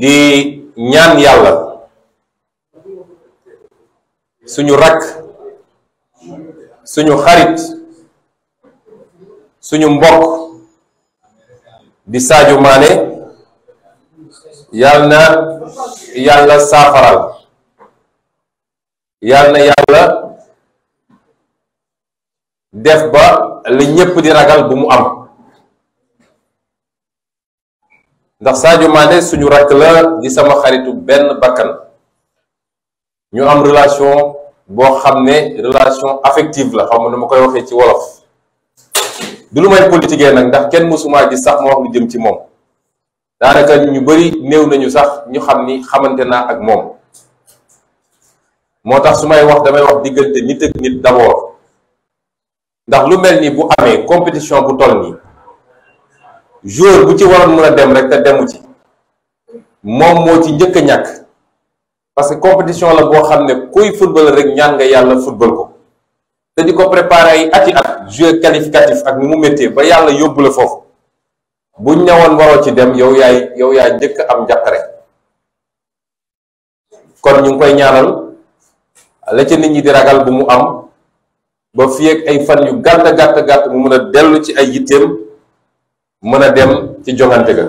di ñaan yàlla suñu rakk suñu xarit suñu mbokk di Sadio Mané yàlla na yàlla saafaral yàlla na yàlla def ba li ñépp di ragal bu mu am ndax Sadio Mané suñu rakk la di sama xaritu benn bakkan ñu am relation boo xam ne relation affective la xam nga ma koy waxee ci wolof du lu may politiquer nag ndax kenn mësumaa gis sax ma wax lu jëm ci moom daanaka ñu bari néew nañu sax ñu xam ni xamante naa ak moom moo tax su may wax damay wax diggante nit ak nit d'abord ndax lu mel ni bu amee compétition bu toll nii joueur bu ci waroon mën a dem rek te demu ci moom moo ci njëkk a ñàkk parce que compétition la boo xam ne kuy football rek ñaan nga yàlla football ko te di ko préparer ay ati at joueur qualificatif ak ni mu méttee ba yàlla yóbbu la foofu bu ñëwoon waroo ci dem yow yaay yow yaay njëkk am jàqare kon ñu ngi koy ñaanal la ci nit ñi di ragal bu mu am ba fii ay fan yu gàtt gàtt gàtt mu mën a dellu ci ay yitteem mën a dem ci jongante ga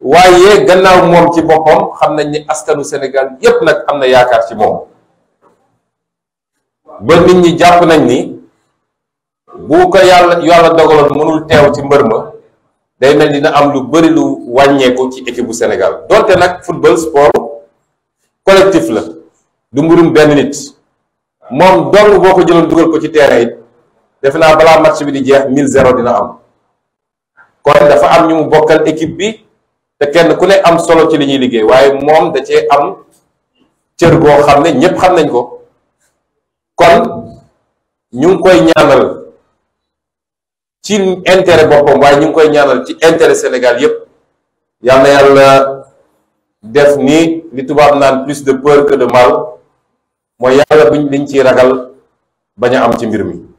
waaye gannaaw moom ci boppam xam nañ ni askanu Sénégal yépp nag am na yaakaar ci moom ba nit ñi jàpp nañ ni bu ko yàlla yàlla dogaloon mënul teew ci mbër ma day mel dina am lu bari lu wàññeeku ci équipe bu Sénégal donte nag football sport collectif la du mbirum benn nit moom dong boo ko jëloon dugal ko ci terrain it defe naa balaa match bi di jeex 1000 0 dina am kon dafa am ñu mu bokkal équipe bi te kenn ku ne am solo ci li ñuy liggéey waaye moom da cee am cër goo xam ne ñépp xam nañ ko kon ñu ngi koy ñaanal ci intérêt boppam waaye ñu ngi koy ñaanal ci intérêt Sénégal yépp yal na yàlla def ni li tubaab naan plus de peur que de mal mooy yàlla buñ liñ ci ragal bañ a am ci mbir mi